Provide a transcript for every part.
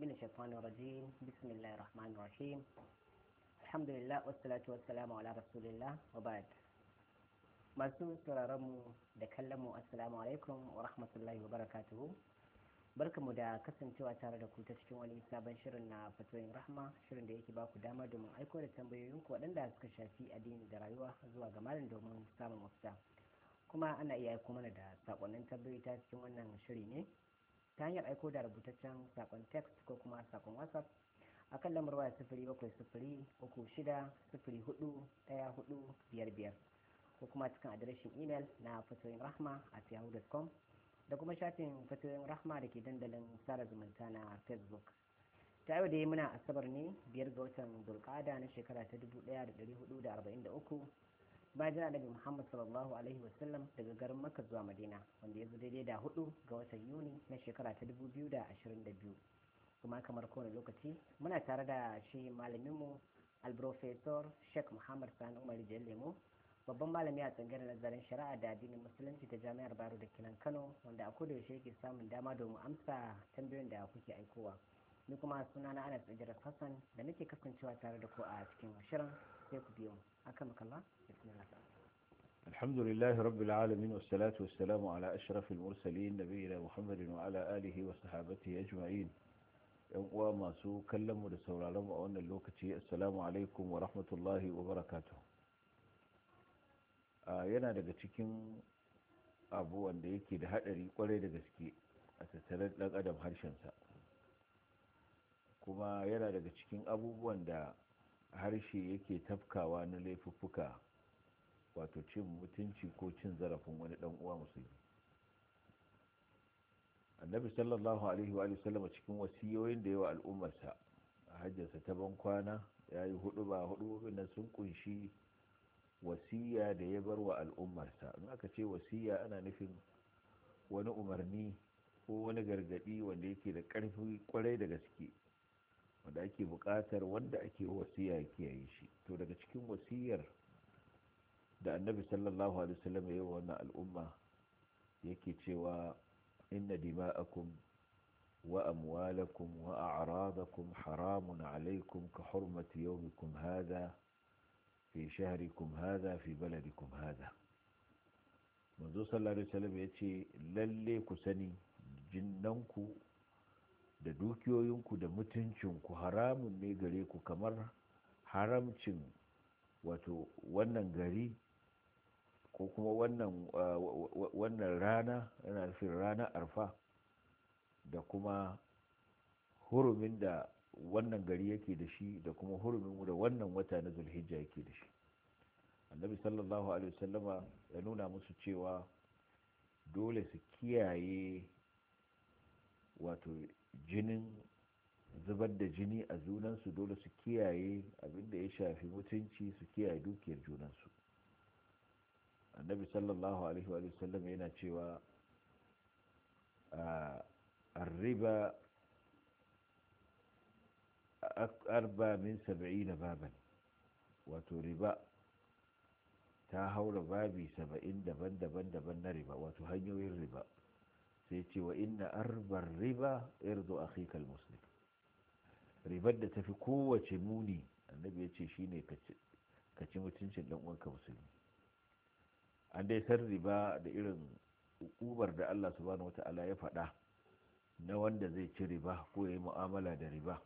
من الشيطان الرجيم بسم الله الرحمن الرحيم الحمد لله والصلاة والسلام على رسول الله وبعد masu sauraronmu da kallonmu assalamu alaikum wa rahmatullahi wa Barka mu da kasancewa tare da ku ta cikin wani sabon shirin na fatoyin rahma shirin da yake baku dama domin aiko da tambayoyinku waɗanda suka shafi addini da rayuwa zuwa ga malam domin samun mafita kuma ana iya aiko mana da sakonnin tambayoyi ta cikin wannan shiri ne ta hanyar aiko da rubutaccen sakon text ko kuma sakon whatsapp a kan lamar waya sifiri bakwai sifiri uku shida sifiri hudu daya hudu biyar biyar ko kuma cikin adireshin imel na fatoyin rahma a yahoo.com da kuma shafin fatoyin rahma da ke dandalin sada zumunta na facebook ta yau dai muna asabar ne biyar ga watan dulkada na shekara ta dubu da da da hudu arba'in uku. bayan annabi Muhammad sallallahu alaihi wasallam daga garin Makka zuwa Madina wanda ya zo daidai da hudu ga watan Yuni na shekara ta 2022 kuma kamar kowane lokaci muna tare da shi malaminmu professor Sheikh Muhammad Sani Umar Lemo babban malami a tsangayar nazarin shari'a da addinin musulunci ta jami'ar Baro da Kinan Kano wanda a koda yaushe yake samun dama domin amsa tambayoyin da kuke aikowa ni kuma sunana Anas Ajira Hassan da nake kasancewa tare da ku a cikin shirin sai ku biyo mu أكرمك الله بسم الله الحمد لله رب العالمين والصلاة والسلام على أشرف المرسلين نبينا محمد وعلى آله وصحابته أجمعين uwa masu kallonmu da sauraronmu a wannan lokaci assalamu alaikum wa rahmatullahi wa barakatu ah, yana daga cikin abu wanda yake da haɗari kwarai da gaske a tattare ɗan adam harshensa kuma yana daga cikin abubuwan da harshe yake tafkawa na laifuffuka wato cin mutunci ko cin zarafin wani dan uwa musulmi annabi sallallahu alaihi wa sallama cikin wasiyoyin da yawa al'ummarsa a hajjarsa ta ban kwana ya yi hudu ba hudu na sun kunshi wasiya da ya bar wa al'ummarsa in aka ce wasiya ana nufin wani umarni ko wani gargadi wanda yake da ƙarfi kwarai da gaske wanda ake buƙatar wanda ake wasiya ya kiyaye shi to daga cikin wasiyar da annabi sallallahu alaihi wasallam ya yi wannan al'umma yake cewa inna dima'akum wa amwalakum wa a'radakum haramun alaikum ka hurmati yawmikum hadha fi shahrikum hadha fi baladikum hadha manzo sallallahu alaihi wasallam ya ce lalle ku sani jinnanku da dukiyoyinku da mutuncinku haramun ne gare ku kamar haramcin wato wannan gari ko kuma wannan uh, rana yana nufin rana arfa da kuma hurumin da wannan gari yake da shi da kuma hurumin da wannan wata na zulhijja yake da shi annabi sallallahu alaihi wasallama ya nuna musu cewa dole su kiyaye wato jinin zubar da jini a junansu dole su kiyaye abinda ya shafi mutunci su kiyaye dukiyar junansu annabi sallallahu alaihi wa yana cewa ah, riba arba min na baban wato riba ta haura babi saba'in daban-daban daban na riba wato hanyoyin riba sai ce wa inna arbar riba a kikal almuslim ribar da tafi kowace muni annabi ya ce shine ne ci mutuncin dan uwanka musulmi an dai san riba da irin ƙubar da Allah subhanahu wata'ala ya faɗa na wanda zai ci riba ko ya yi mu'amala da riba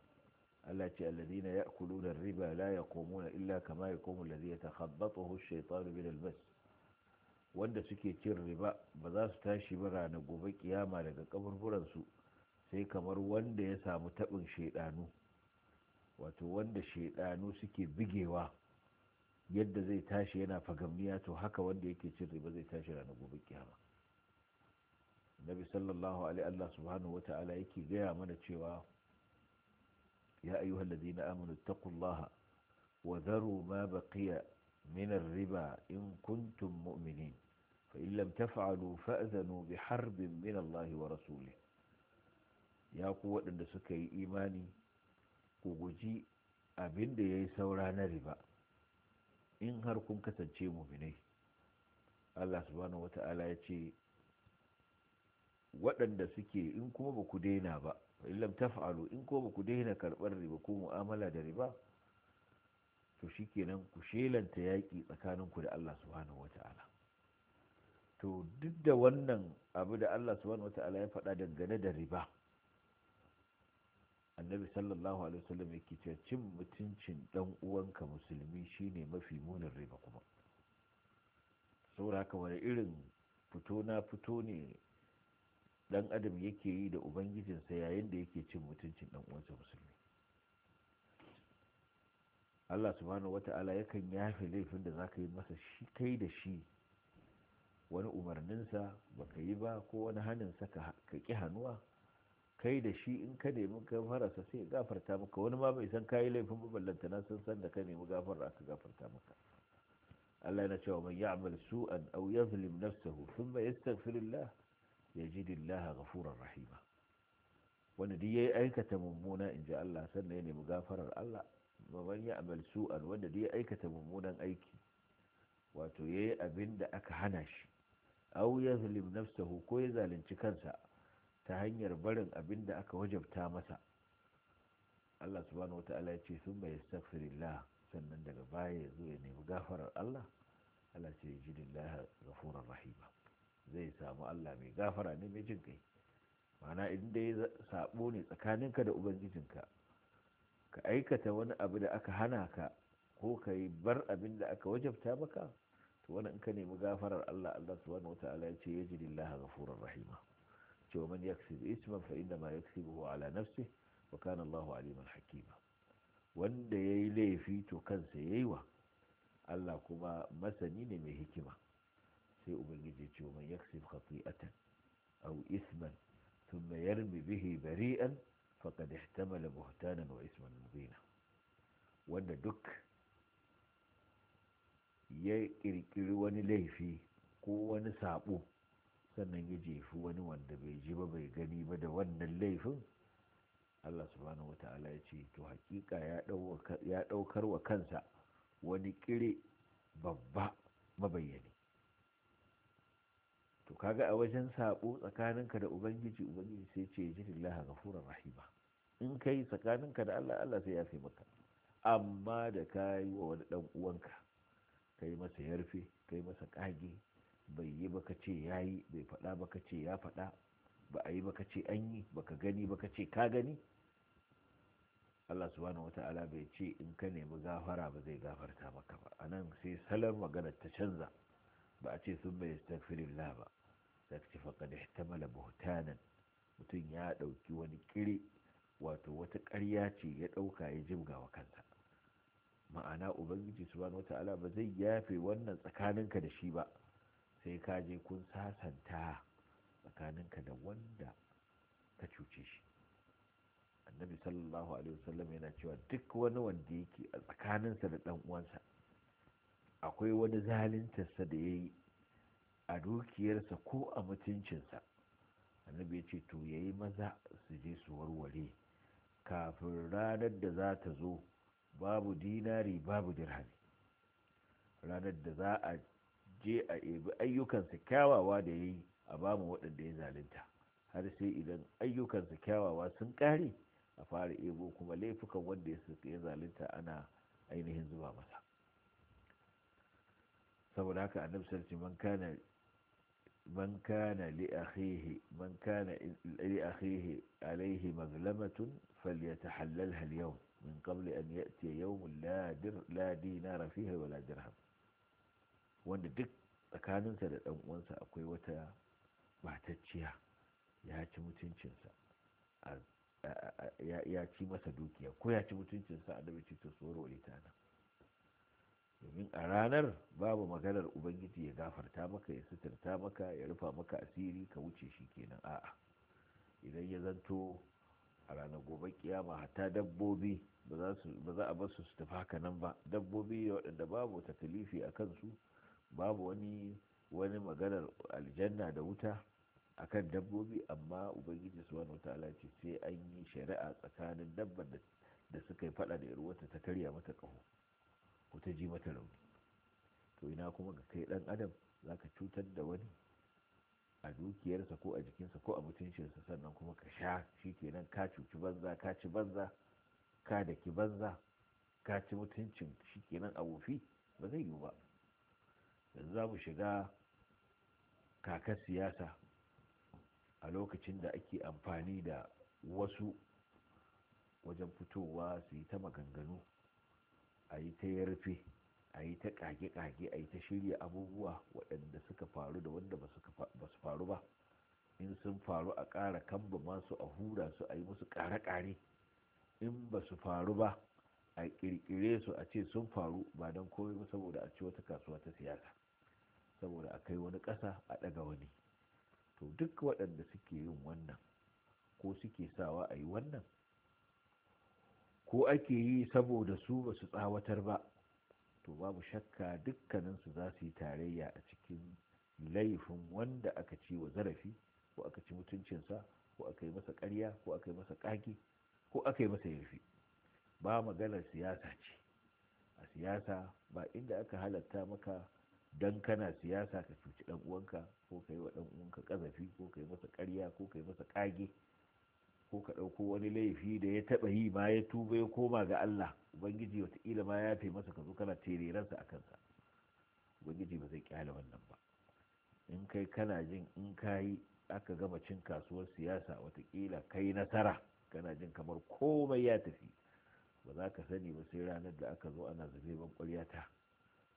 Allah ce alladhina da riba la yaqumuna illa kama yaqumu alladhi yatakhabbathu ash-shaytanu min al bas" wanda suke cin riba ba za su tashi ba ranar gobe kiyama daga kaburburansu sai kamar wanda ya samu taɓin shaidanu wato wanda shaidanu suke bigewa yadda zai tashi yana fagamniya to haka wanda yake cin riba zai tashi ranar gobe kiyama nabi sallallahu alaihi allah subhanahu wa ta'ala yake gaya mana cewa ya ayyuhal ladina amanu taqullaha wa dharu ma baqiya minar riba in kuntum mu'minin فإن لم تفعلوا فأذنوا بحرب من الله ورسوله يا قوة أن سكي إيماني وجي abin da ya yi saura na riba in har kun kasance muminai allah waɗanda suke in kuma ba ku daina ba illam taf'alu in kuma ba ku daina karɓar riba ko mu'amala da riba to shikenan ku shelanta yaƙi tsakaninku da allah subhanahu wa ta'ala to duk da wannan abu da Allah subhanahu wata'ala ya faɗa dangane da riba annabi sallallahu alaihi wasallam yake cewa cin mutuncin dan uwanka musulmi shine mafi munin riba kuma saboda haka wani irin fito na fito ne dan adam yake yi da ubangijinsa yayin da yake cin mutuncin dan uwansa musulmi Allah subhanahu wata'ala yakan yafe laifin da zaka yi masa shi kai da shi wani umarninsa baka yi ba ko wani hannunsa ka ƙi hannuwa kai da shi in ka nemi gafararsa sai ya gafarta maka wani ma bai san kayi laifin maballanta na sun san da ka nemi gafara aka gafarta maka Allah yana cewa man ya'mal su'an aw yazlim nafsahu thumma yastaghfirullah yajidillaha ghafurar rahima wanda duk yayi aikata mummuna inji Allah sannan ya nemi gafarar Allah man ya'mal su'an wanda duk ya aikata mummunan aiki wato yayi abin da aka hana shi aw yuzlim nafsahu ko ya zalunci kansa ta hanyar barin abin da aka wajabta masa Allah subhanahu wataala ya ce sun bai astaghfirillah sannan daga baya ya zo ya nemi gafarar Allah Allah ce ya ji lillahi rahima zai samu Allah mai gafara ne mai jin kai ma'ana idan dai sabo ne tsakaninka da ubangijinka ka aikata wani abu da aka hana ka ko ka yi bar abin da aka wajabta maka to wani in ka nemi gafarar Allah Allah subhanahu wataala ya ce yajidillaha ghafurur rahima ce wa man yaksib isman fa inna ma yaksibuhu ala nafsi wa kana Allahu aliman hakima wanda yayi laifi to kansa yayi wa Allah kuma masani ne mai hikima sai ubangiji ce wa man yaksib khati'atan aw isman thumma yarmi bihi bari'an faqad ihtamala buhtanan wa isman mubina wanda duk ya ƙirƙiri wani laifi ko wani sabo sannan ya jefi wani wanda bai ji ba bai gani ba da wannan laifin Allah subhanahu ta'ala ya ce to hakika ya ɗaukar wa kansa wani ƙire babba mabayyani to kaga a wajen sabo tsakaninka da ubangiji ubangiji sai ce ji lillahi ghafurur rahima in kai tsakaninka da Allah Allah sai ya maka amma da kayi wa wani ɗan uwanka Ka yi masa yarfe yi masa kage bai yi ba ka ce ya yi bai faɗa ba ka ce ya faɗa ba a yi ba ka ce an yi ba ka gani ba ka ce ka gani Allah subhanahu wata'ala bai ce in ka nemi gafara ba zai gafarta maka ba a nan sai salon magana ta canza ba a ce sun bai astaghfirullah ba ka ce da ihtamala buhtanan mutum ya ɗauki wani ƙiri. wato wata ƙarya ce ya ɗauka ya jibga wa kansa ma'ana ubangiji subhanahu wata'ala ba zai yafe wannan tsakaninka da shi ba sai ka je kun sasanta tsakaninka da wanda ka cuce shi annabi sallallahu alaihi wasallam yana cewa duk wani wanda yake a tsakaninsa da dan uwansa akwai wani zaluntarsa da ya yi a dukiyarsa ko a mutuncinsa annabi ya ce to yayi maza su je su warware kafin ranar da za ta zo babu dinari babu dirhami ranar da za a je a ebi ayyukansa kyawawa da ya yi a bamu waɗanda ya zalunta har sai idan ayyukansa kyawawa sun ƙare a fara ebo kuma laifukan wanda ya zalunta ana ainihin zuba masa saboda haka a sarki man kana man kana li akhihi mazlamatun falyatahallalha min qabli an ya'ti yawmun la Rafi fihi wala dirham wanda duk tsakaninsa da dan uwansa akwai wata batacciya ya ci mutuncinsa ya ci masa dukiya ko ya ci mutuncinsa a ce to tsoro litana domin a ranar babu maganar ubangiji ya gafarta maka ya suturta maka ya rufa maka asiri ka wuce shi kenan a'a idan ya zanto a ranar gobe kiyama hatta dabbobi ba za a bar su tafi haka nan ba dabbobi waɗanda babu takalifi a kansu babu wani wani maganar aljanna da wuta akan dabbobi amma ubangiji su wani wata ce sai an yi shari'a tsakanin dabbar da suka yi fada da yarwata ta karya mata kaho ko ta ji mata rauni to ina kuma ga kai dan adam za ka cutar da wani a dukiyarsa ko a jikinsa ko a mutuncinsa sannan kuma ka sha shi kenan ka cuci banza ka ci banza ka da ki banza ka ci mutuncin shikenan abofi ba zai yiwu ba yanzu za mu shiga kakar siyasa a lokacin da ake amfani da wasu wajen fitowa su yi ta maganganu a yi ta yarfe a yi ta kage-kage a yi ta shirya abubuwa waɗanda suka faru da wanda ba su faru ba in sun faru a ƙara kamba masu a hura su a yi musu ƙare-ƙare in ba su faru ba a ƙirƙire su a ce sun faru ba don komai ba saboda a ci wata kasuwa ta siyasa saboda a kai wani ƙasa a ɗaga wani to duk waɗanda suke yin wannan ko suke sawa a yi wannan ko ake yi saboda su ba su tsawatar ba to babu shakka dukkaninsu za su yi tarayya a cikin laifin wanda aka ci wa zarafi ko aka ci mutuncinsa ko aka yi masa ƙarya ko aka yi masa ƙage ko aka yi masa yafi ba maganar siyasa ce a siyasa ba inda aka halatta maka dan kana siyasa ka cuci dan uwanka ko kai wa dan uwanka kazafi ko kai masa karya ko kai masa kage ko ka ɗauko wani laifi da ya taɓa yi ma ya tuba ya koma ga Allah ubangiji wataƙila ma ya fi masa ka zo kana tererarsa a kansa ubangiji ba zai kyale wannan ba in kai kana jin in kayi aka gama cin kasuwar siyasa watakila kai nasara kana jin kamar komai ya tafi ba za ka sani ba sai ranar da aka zo ana zube ban ta.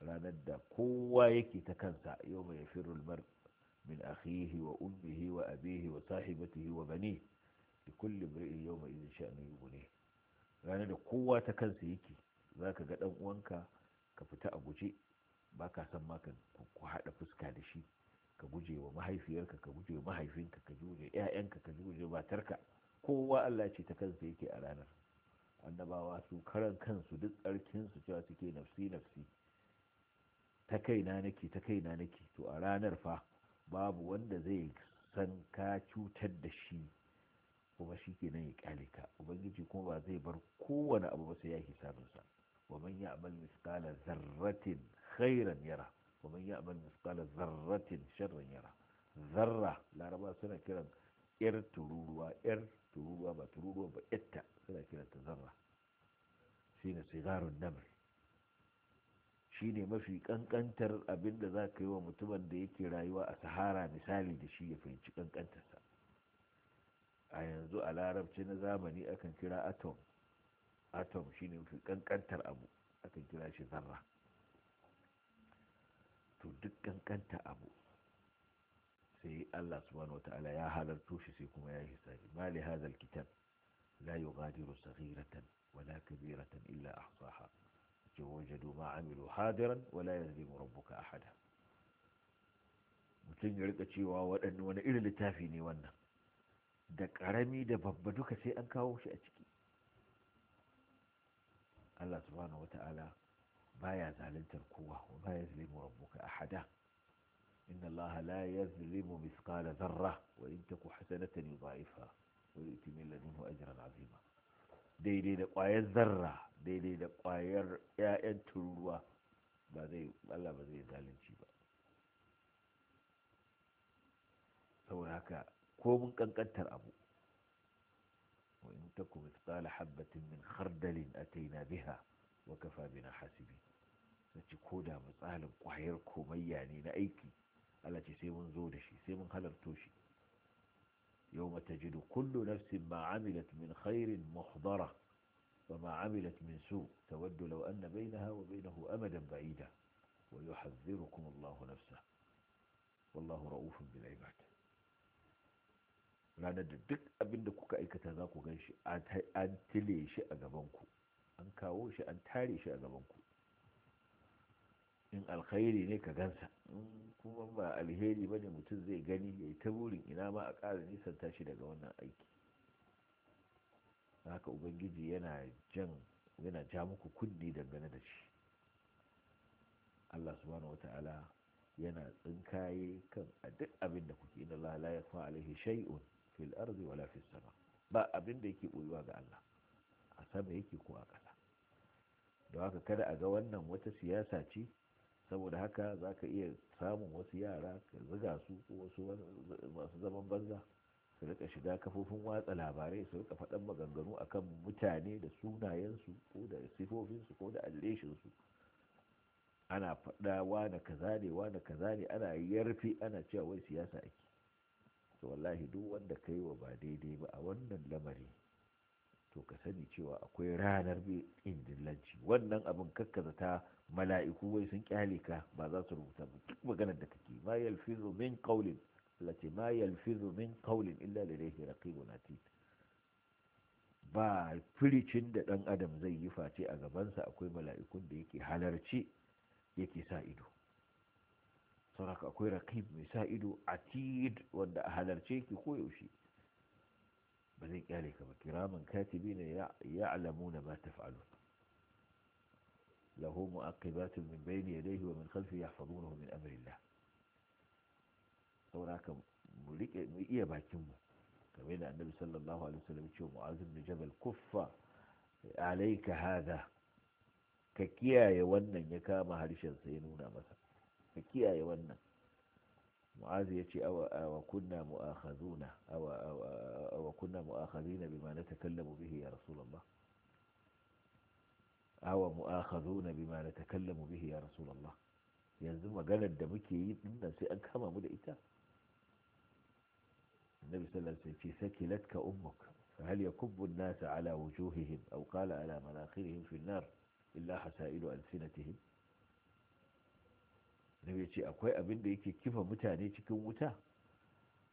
ranar da kowa yake ta kansa yau mai firul mar min akhihi wa ummihi wa abihi wa sahibatihi wa bani da kulli mri'in yau mai izin sha'anin ranar da kowa ta kansa yake za ka ga ɗan uwanka ka fita a guje ba ka san ma ku haɗa fuska da shi ka guje wa mahaifiyarka ka guje wa mahaifinka ka guje 'ya'yanka ka guje matarka kowa Allah ce ta kansa yake a ranar annabawa su karan kansu duk tsarkinsu cewa suke nafsi nafsi ta kaina nake ta kaina nake to a ranar fa babu wanda zai san ka cutar da shi kuma shi ke nan ya kyale ka ubangiji kuma ba zai bar kowane abu ba sai ya hisabinsa wa man amal misqala zarratin khairan yara wa man amal misqala zarratin sharran yara zarra laraba suna kiran yar tururuwa yar tururuwa ba tururuwa ba yatta suna kiranta zarra shi ne sigarun namir shi ne mafi kankantar abin da za ka yi wa mutumin da yake rayuwa a sahara misali da shi ya fahimci kankantarsa a yanzu a larabci na zamani akan kira atom atom shi ne mafi kankantar abu akan kira shi zarra to duk kankanta abu sai Allah subhanahu wata'ala ya halarto shi sai kuma ya yi hisabi ma li hadha alkitab la yughadiru saghiratan wala kabiratan illa ahsaha ce wajadu ma amilu hadiran wala yazlimu rabbuka ahada mutum ya rika cewa waɗanne wani irin littafi ne wannan da ƙarami da babba duka sai an kawo shi a ciki Allah subhanahu wata'ala baya zaluntar kowa wa baya zalimu rabbuka ahada إن الله لا يظلم مثقال ذرة وإن تك حسنة يضاعفها ويؤتي من لدنه أجرا عظيما ديلي لقايا الذرة ديلي لقايا يا أنتروا بعدين الله بعدين ذلك شيبا سوى هكا كوم كان كتر أبو وإن تك مثقال حبة من خردل أتينا بها وكفى بنا حاسبين نتي كودا مثقال قاير كوميا يعني نأيكي Allah ce sai mun zo da shi sai mun halarto shi yawma tajidu kullu nafsin ma amilat min khairin muhdara وما عملت من سوء تود لو أن بينها وبينه أمدا بعيدا ويحذركم الله نفسه والله رؤوف بالعباد ranar da duk abin da kuka aikata za ku ganshi an tile shi a gabanku an kawo shi an tare shi a gabanku in alkhairi ne ka gansa kuma ba alheri ba ne mutum zai gani ya yi ta burin ina ma a ƙara nisan tashi daga wannan aiki haka ubangiji yana jan yana ja muku kunni dangane da shi Allah subhanahu wata'ala yana tsinkaye kan a duk abin da kuke na lala ya yakfa alaihi shai'un, fil ardi wala fis sama ba abin da yake boyuwa ga Allah a sama yake ko a ƙasa don haka kada a ga wannan wata siyasa ce saboda haka za ka iya samun wasu yara ka ziga su wasu masu zaman banza su rika shiga kafofin watsa labarai su rika faɗan maganganu akan mutane da sunayensu ko da sifofinsu ko da alleshinsu ana faɗa wane kaza ne wane kaza ne ana yarfi ana cewa wai siyasa ake to wallahi duk wanda ka yi wa ba daidai ba a wannan lamari to ka sani cewa akwai ranar ƙin wannan abin kakkaza ta mala'iku wai sun kyale ka ba za su rubuta ba duk maganar da kake ma yalfizu min qawlin ce ma yalfizu min qawlin illa ladayhi raqibun atid ba firicin da dan adam zai yi face a gabansa akwai mala'ikun da yake halarci yake sa ido saboda akwai raqib mai sa ido atid wanda a halarce yake koyaushe بعدين قال كما كراما كاتبين يعلمون ما تفعلون له مؤقبات من بين يديه ومن خلفه يحفظونه من امر الله سوراك مليك يا كما كمان النبي صلى الله عليه وسلم يشوف معاذ بن جبل كف عليك هذا ككيا يا ونن يا كاما هاديش سينونا مثلا ككيا يا معاذ يتي أو, أو كنا مؤاخذون أو, أو, أو كنا مؤاخذين بما نتكلم به يا رسول الله أو مؤاخذون بما نتكلم به يا رسول الله yanzu قال الدمكي muke في dinnan مدئتا النبي صلى الله عليه وسلم في سكلتك أمك فهل يكب الناس على وجوههم أو قال على مناخرهم في النار إلا حسائل ألسنتهم nabi ce akwai abin da yake kifa mutane cikin wuta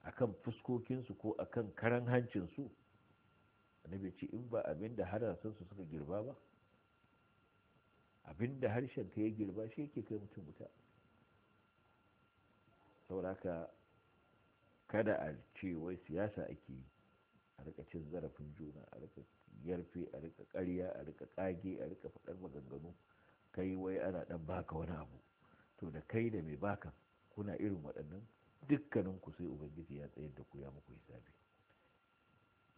akan fuskokinsu ko akan karan hancinsu nabi ce in ba abin da su suka girba ba abin da harshen ka ya girba shi yake kai mutum wuta sauraka kada a ce wai siyasa ake yi a rika cin zarafin juna a rika yarfe a rika karya a rika kage a rika faɗar maganganu kai wai ana ɗan baka wani abu to da kai da mai baka kuna irin waɗannan dukkanin ku sai ubangiji ya tsayar da ku ya muku hisabi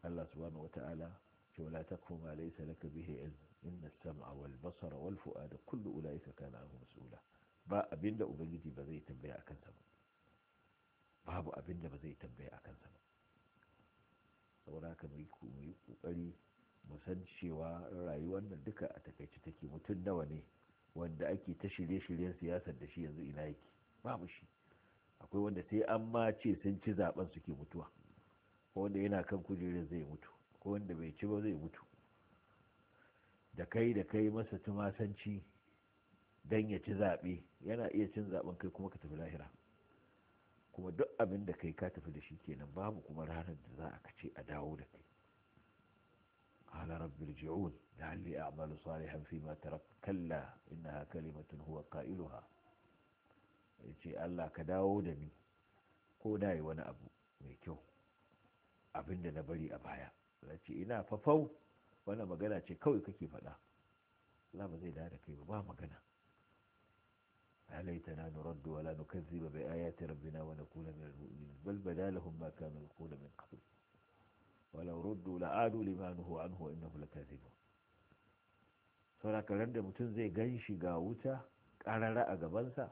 Allah subhanahu wata'ala ce wala takfu ma laysa laka bihi ilm inna sama wal basara wal fu'ada kullu ulaika kana anhu mas'ula ba abinda ubangiji ba zai tambaya akan sa ba babu abinda ba zai tambaya akan sa ba saboda haka mu yi kokari mu san cewa rayuwar nan duka a takaice take mutum nawa ne wanda ake ta shirye-shiryen siyasar da shi yanzu ina yake babu shi akwai wanda sai an ma ce sun ci zaben suke mutuwa ko wanda yana kan kujerar zai mutu ko wanda bai ci ba zai mutu da kai da kai masa tumasanci don ya ci zaɓe yana iya cin zaben kai kuma ka tafi lahira kuma duk abin da kai ka tafi da shi kenan babu kuma ranar da za a kace a dawo da kai قال رب ارجعون لعلي أعمل صالحا فيما تركت كلا إنها كلمة هو قائلها يجي الله كداو دا مي كو داي وانا أبو ميكو أبن دا نبري أبايا لأتي إنا ففو وانا مغانا تي كوي كي فدا لا مزي دا كي ببا مغانا أليتنا نرد ولا نكذب بآيات ربنا ونقول من المؤمنين بل بدا لهم ما كانوا يقول من قبل walau ruddu la'adu limanuhu anhu wa innahu lakazibun saboda karar da mutum zai gan shi ga wuta karara a gabansa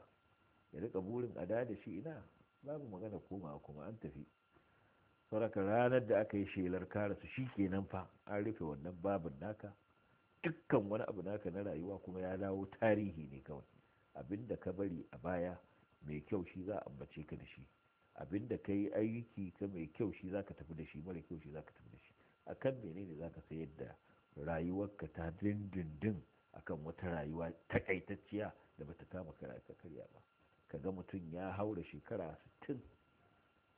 ya rika burin a da shi ina babu magana koma kuma an tafi saboda ranar da aka yi shelar karasu su shi kenan fa an rufe wannan babin naka dukkan wani abu naka na rayuwa kuma ya dawo tarihi ne kawai abinda ka bari a baya mai kyau shi za a ambace ka da shi abinda ka yi aiki ka mai kyau shi za ka tafi da shi mara kyau shi za ka tafi da shi a kan menene za ka sayar da rayuwarka ta dindindin akan wata rayuwa takaitacciya da bata kama kara karya ba ka ga mutum ya haura shekara 60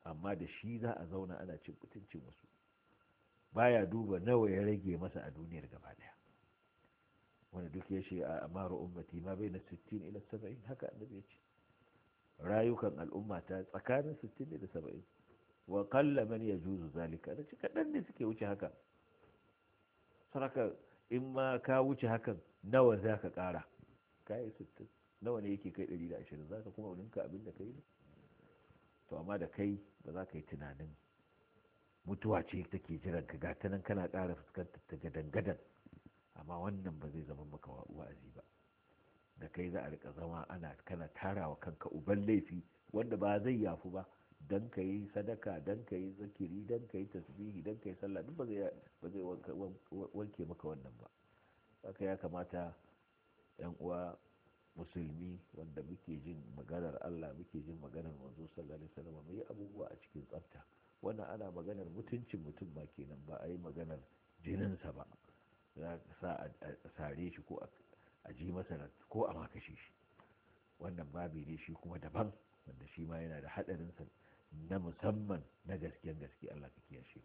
amma da shi za a zauna ana cin mutuncin wasu baya duba nawa ya rage masa a duniyar gaba daya wanda duk ya ce a amara ummati ma bai na 60 ila 70 haka annabi ya ce rayukan al'umma ta tsakanin 60 da 70 wa kalla man yajuzu zalika da kaɗan ne suke wuce haka saraka in ma ka wuce hakan nawa za ka ƙara kayi 60 nawa ne yake kai 120 za ka kuma ninka abin da kai ne to amma da kai ba za ka yi tunanin mutuwa ce take jiran ka ga ta nan kana kara fuskantar ta gadan-gadan amma wannan ba zai zama maka wa'azi ba da kai za a rika zama ana kana tarawa kanka uban laifi wanda ba zai yafu ba dan ka yi sadaka dan ka yi zakiri dan ka yi tasbihi dan ka yi sallah duk ba zai wanke maka wannan ba haka ya kamata yan uwa musulmi wanda muke jin maganar Allah muke jin maganar manzo sallallahu alaihi wasallam mu yi abubuwa a cikin tsafta wannan ana maganar mutuncin mutum ba kenan ba a yi maganar jininsa ba za a sare shi ko a a ji masa ko a makashe shi wannan babi ne shi kuma daban wanda shi ma yana da haɗarinsa na musamman na gaskiyan gaske Allah ka shi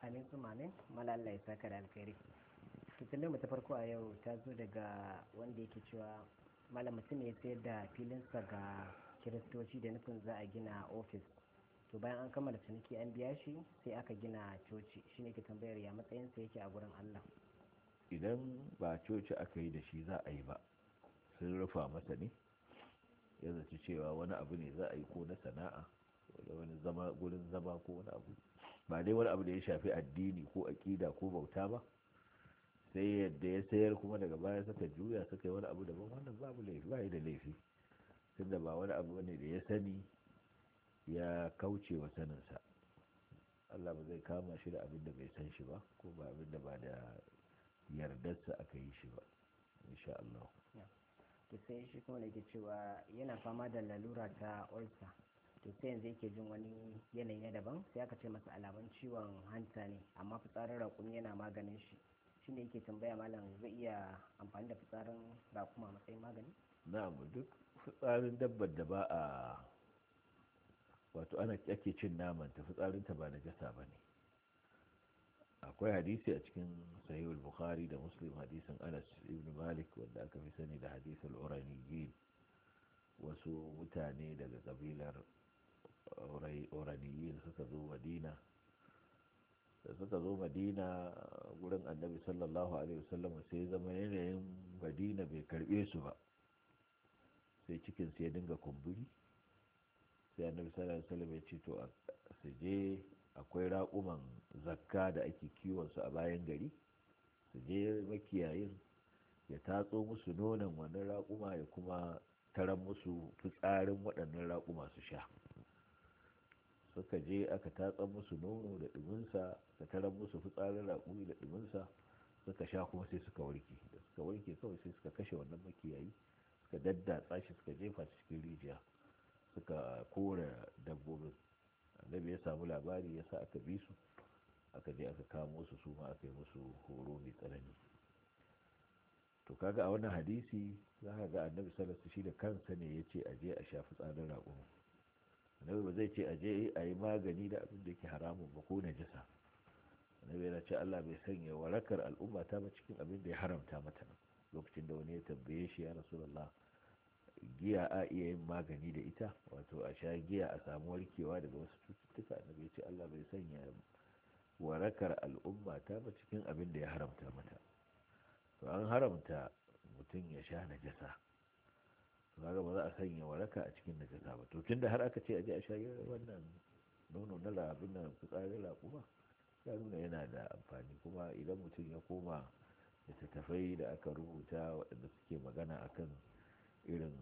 amin kuma amin malalla ya saka da alkhairi to mu ta farko a yau ta zo daga wanda yake cewa malam mutum ya sayar da filinsa ga kiristoci da nufin za a gina ofis to bayan an kammala ciniki an biya shi sai aka gina coci shine ke tambayar ya matsayinsa yake a gurin Allah idan ba coci aka yi da shi za a yi ba sun rufa masa ne ya zaci cewa wani abu ne za a yi ko na sana'a da wani zama gurin zama ko wani abu ba dai wani abu da ya shafi addini ko aƙida ko bauta ba sai yadda ya sayar kuma daga baya suka juya suka yi wani abu daban wannan babu laifi ba da laifi tunda ba wani abu ne da ya sani ya kauce wa saninsa Allah ba zai kama shi da abin da bai san shi ba ko ba abin da ba da yardarsa aka yi shi ba insha Allah to sai shi kuma da ke cewa yana fama da lalura ta ulsa to sai yanzu yake jin wani yanayi na daban sai aka ce masa alamun ciwon hanta ne amma fitsarin rakumi yana maganin shi shi ne yake tambaya malam zai iya amfani da fitsarin raƙuma a matsayin magani na'am duk fitsarin dabbar da ba a wato ana ake cin naman ta fitsarin ta ba na jasa ba ne akwai hadisi a cikin sahihul bukhari da muslim hadisin anas ibn malik wanda aka fi sani da al uraniyin wasu mutane daga kabilar uraniyin suka zo madina da suka zo madina gurin annabi sallallahu alaihi wasallam sai zama yanayin madina bai karbe su ba sai cikin ya dinga kumburi sai annabi sallallahu alaihi wasallam ya ce to su je akwai raƙuman zakka da ake kiwon su a bayan gari su je makiyayin ya tatso musu nonon wannan raƙuma ya kuma taran musu fitsarin waɗannan raƙuma su sha suka je aka tatsa musu nono da ɗuminsa ka taran musu fitsarin raƙumi da ɗuminsa suka sha kuma sai suka warke da suka warke kawai sai suka kashe wannan makiyayi suka daddatsa shi suka jefa cikin rijiya suka kora dabbobin annabi ya samu labari ya sa aka bi su aka je aka kamo su su ma aka yi musu horo mai tsanani to kaga a wannan hadisi za ka ga annabi sallallahu shi da kansa ne ya ce a je a shafi tsadar raƙumi annabi ba zai ce aje a yi magani da abin da yake haramun ba ko najasa annabi yana ce Allah bai sanya warakar al'umma ta ba cikin abin da ya haramta mata lokacin da wani ya tambaye shi ya rasulallah giya a iya yin magani da ita wato a sha giya a samu warkewa daga wasu cututtuka na bai ce Allah bai sanya warakar al'umma ta ba cikin abin da ya haramta mata to an haramta mutum ya sha najasa to kaga ba za a sanya waraka a cikin najasa ba to tunda har aka ce a je a sha wannan nono na labin nan fitsarin kuma ya nuna yana da amfani kuma idan mutum ya koma littattafai da aka rubuta waɗanda suke magana akan irin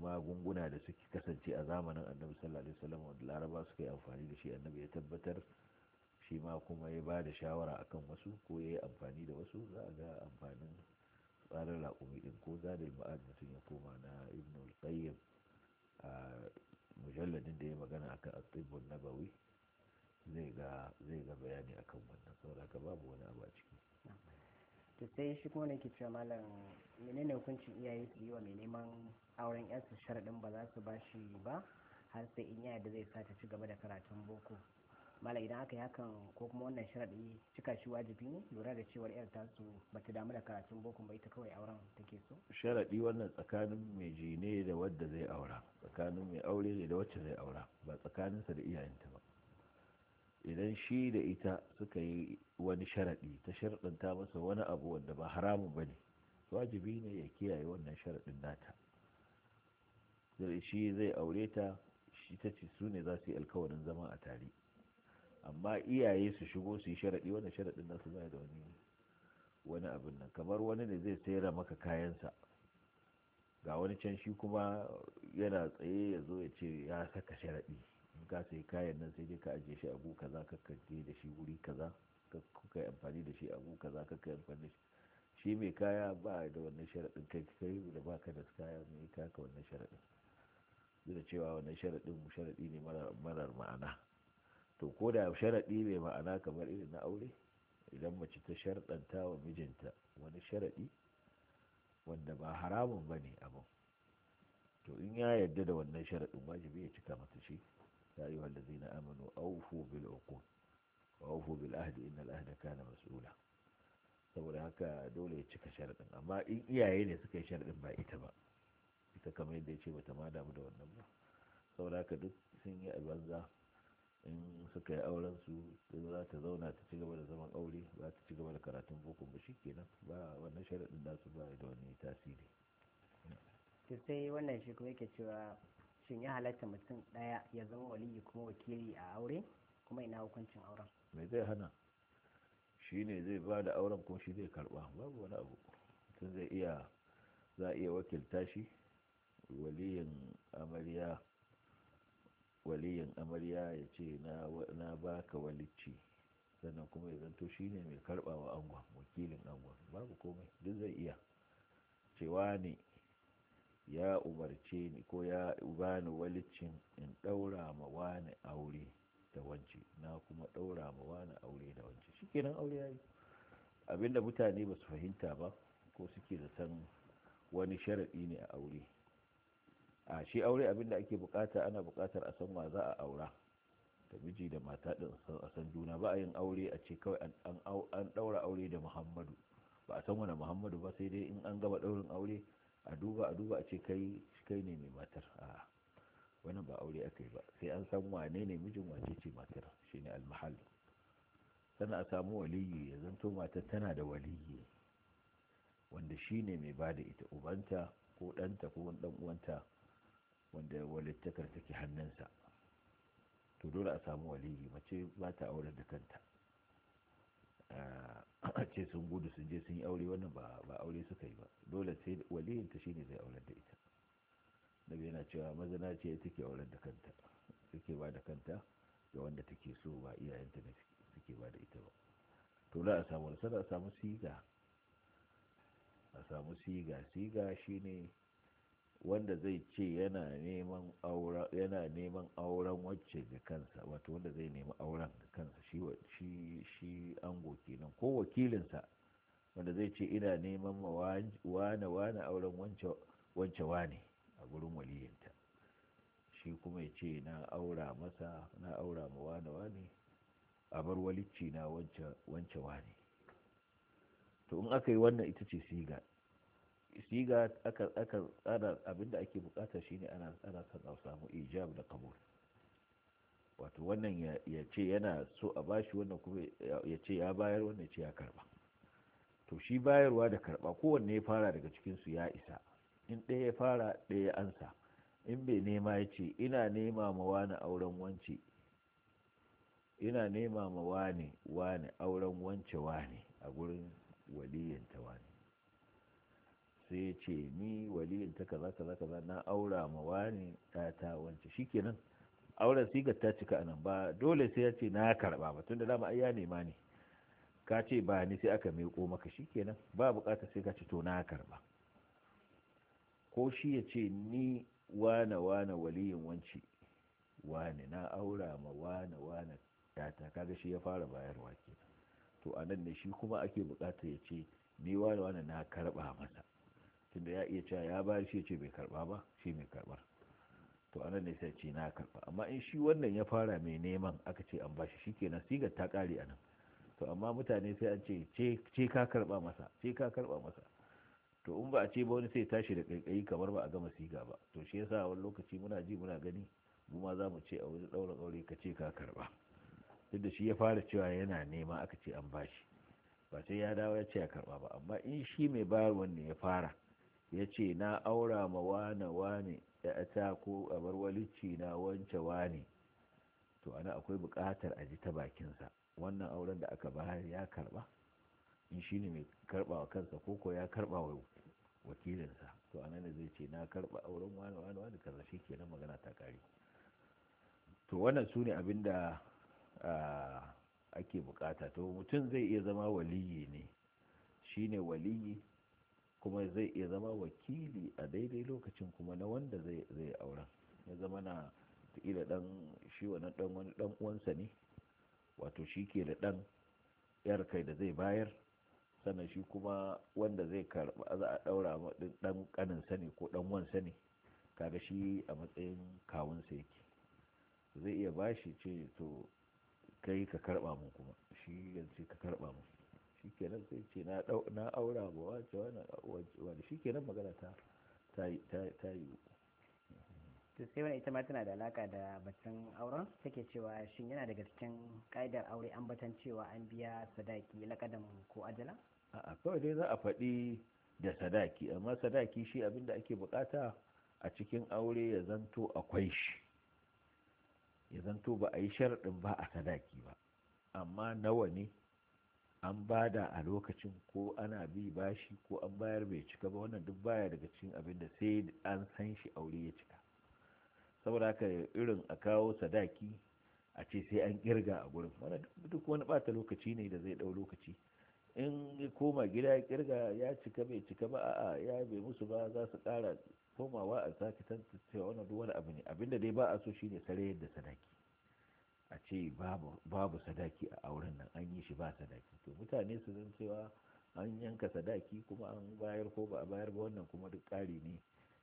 magunguna da suke kasance a zamanin annabi sallallahu alaihi wasallam wanda laraba suka yi amfani da shi annabi ya tabbatar shi ma kuma ya ba da shawara akan wasu ko ya yi amfani da wasu za a ga amfanin tsarin raƙumi din ko zadil ma'ad mutum ya koma na ibn al-qayyim a mujalladin da ya magana akan at-tibbun nabawi zai ga zai ga bayani akan wannan saboda ka babu wani abu a ciki to sai shi kuma ne ke cewa malam menene hukuncin iyaye su yi wa mai neman auren yarsa sharaɗin ba za su ba shi ba har sai in yaya da zai sa ta ci gaba da karatun boko mala idan aka yi hakan ko kuma wannan sharaɗi cika shi wajibi ne lura da cewar yar tasu ba ta damu da karatun boko ba ita kawai auren take so sharaɗi wannan tsakanin mai jine da wadda zai aura tsakanin mai aure ne da wacce zai aura ba tsakaninsa da iyayenta ba idan shi da ita suka yi wani sharaɗi ta sharɗanta masa wani abu wanda ba haramun ba ne wajibi ne ya kiyaye wannan sharaɗin nata zai shi zai aure ta shi ta ce su ne za su yi alkawarin zama a tare amma iyaye su shigo su yi sharaɗi wannan sharaɗin nasu ba da wani wani abin nan kamar wani ne zai sayar maka kayansa ga wani can shi kuma yana tsaye ya zo ya ce ya saka sharaɗi in ka sayi kayan nan sai dai ka ajiye shi abu kaza ka je da shi wuri kaza ka kai amfani da shi abu kaza ka kai amfani da shi shi mai kaya ba da wannan sharaɗin kai kai da ba ka da kaya mai kaka wannan sharaɗin duk da cewa wannan sharaɗin sharaɗi ne marar ma'ana to ko da sharaɗi mai ma'ana kamar irin na aure idan mace ta sharɗanta wa mijinta wani sharaɗi wanda ba haramun ba ne abu, to in ya yarda da wannan sharaɗin wajibi ya cika mata shi ya yi wanda zai na amanu aufu bil aufu bil ahdi innal ahda kana mas'ula saboda haka dole ya cika sharaɗin amma in iyaye ne suka yi sharaɗin ba ita ba ita kamar yadda ya ce bata ma damu da wannan ba saboda haka duk sun yi albanza in suka yi auren su za ta zauna ta ci gaba da zaman aure za ta ci gaba da karatun boko ba kenan ba wannan sharaɗin da su ba da wani tasiri to sai wannan shi kuma yake cewa shin ya halatta mutum ɗaya ya zama waliyi kuma wakili a aure kuma ina hukuncin auren me zai hana shi ne zai ba da auren kuma shi zai karba babu wani abu mutum zai iya za a iya wakilta shi waliyin amarya waliyin amarya ya ce na baka walici, sannan kuma ya zanto shi ne mai karbawa angon wakilin angon babu komai duk zai iya cewa ne ya umarce ni ko ya bani walicin in daura ma wani aure da wance na kuma ɗaura ma wani aure da wance shikenan aure yayi abinda mutane ba su fahimta ba ko suke da san wani sharaɗi ne a aure a shi aure abinda ake bukata ana bukatar a san wa za a aura da miji da mata ɗin a san juna ba a yin aure a ce kawai an ɗaura aure da muhammadu ba a san wani muhammadu ba sai dai in an gaba ɗaurin aure a duba a duba a ce kai ne mai matar a wani ba aure aka yi ba sai an san wane ne mijin wace ce matar shine almahal Tana a samu waliyi ya zanto matar tana da waliyi wanda shi ne mai ba da ita ubanta ko ɗanta ko wani ɗan uwanta wanda walittakar take hannunsa to dole a samu waliyi mace ba ta aure da kanta ah, a ce sun gudu sun je sun yi aure wannan ba aure suka yi ba dole sai waliyinta ne zai aure da ita nabi yana cewa mazana ce take auren da kanta take ba da kanta ga wanda take so ba iyayenta ne suke ba da ita ba to za a samu a samu siga a samu siga siga shine wanda zai ce yana neman aura yana neman auren wacce da kansa wato wanda zai nemi auren da kansa shi shi shi ango kenan ko wakilinsa wanda zai ce ina neman wane wane auren wance wance wane a gurin waliyinta shi kuma ya ce na aura masa na aura ma wani wani a bar walicci na wance wani, to in aka yi wannan ita ce siga siga aka aka tsara abinda ake bukata shine ana tsara son a samu ijab da kabul wato wannan ya ce yana so a bashi wannan kuma ya ce ya bayar wannan ya ce ya karba to shi bayarwa da karba kowanne ya fara daga cikinsu ya isa in ɗaya ya fara ɗaya ya ansa in bai nema ya ce ina nema ma wani auren wance ina nema ma wani wani auren wance wani a gurin waliyanta wani sai ya ce ni waliyinta kaza kaza kaza na aura ma wani ta wance shikenan auren sigar ta cika anan ba dole sai ya ce na karba ba tunda dama ai ya nema ne ka ce ba ni sai aka miƙo maka shikenan ba bukata sai ka ce to na karba ko shi ya ce ni wane wane waliyin wanci wane na aura ma wane wane tata kaga shi ya fara bayarwa ke to a nan ne shi kuma ake bukata ya ce ni wane wane na karba masa tunda ya iya cewa ya bayar shi ya ce bai karba ba shi mai karbar to a nan ne sai ce na karba amma in shi wannan ya fara mai neman aka ce an bashi shikenan sigar ta kare a nan to amma mutane sai an ce ce ka karba masa ce ka karba masa to in ba a ce ba wani sai tashi da kaikayi kamar ba a gama siga ba to shi yasa wani lokaci muna ji muna gani mu ma za mu ce a wani ɗaurin aure ka ce ka karɓa. duk da shi ya fara cewa yana nema aka ce an bashi ba sai ya dawo ya ce ya karba ba amma in shi mai bayar ne ya fara ya ce na aura ma wane wane ya ta ko a bar walici na wance wane to ana akwai buƙatar a ji ta bakinsa wannan auren da aka bayar ya karɓa. in shi ne mai karɓa wa kansa ko ko ya karɓa wa wakilinsa to a nan zai ce na karɓa auren wani wani wani kaza shi nan magana ta kare to wannan su ne abin da ake bukata to mutum zai iya zama waliyi ne shi ne waliyi kuma zai iya zama wakili a daidai lokacin kuma na wanda zai zai auren ya zama na kila dan shi wannan dan wani dan uwansa ne wato shi ke da dan yar kai da zai bayar sannan shi kuma wanda zai karba za a daura dan kanin sani ko dan wan sani kaga shi a matsayin kawun sa yake zai iya bashi ce to kai ka karba mu kuma shi yanzu ka karba mu shi kenan sai ce na na aura ba wace wani kenan magana ta ta ta yi to sai wani ita ma tana da alaka da batun auren take cewa shin yana daga cikin ka'idar aure an batan cewa an biya sadaki lakadan ko ajala a kawai dai za a faɗi da sadaki amma sadaki shi abinda ake bukata a cikin aure ya zanto akwai shi ya zanto ba a yi sharaɗin ba a sadaki ba amma nawa ne an bada a lokacin ko ana bi bashi ko an bayar bai cika ba wannan duk baya daga cikin abinda sai an san shi aure ya cika saboda haka irin a kawo sadaki a ce sai an kirga a gurin wani duk wani bata lokaci ne da zai dau lokaci in ya koma gida ya kirga ya cika bai cika ba a ya bai musu ba za su kara komawa a sake tantancewa wannan duk wani abu ne abinda dai ba a so shine sare da sadaki a ce babu sadaki a auren nan an yi shi ba sadaki to mutane su zan cewa an yanka sadaki kuma an bayar ko ba a bayar ba wannan kuma duk kari ne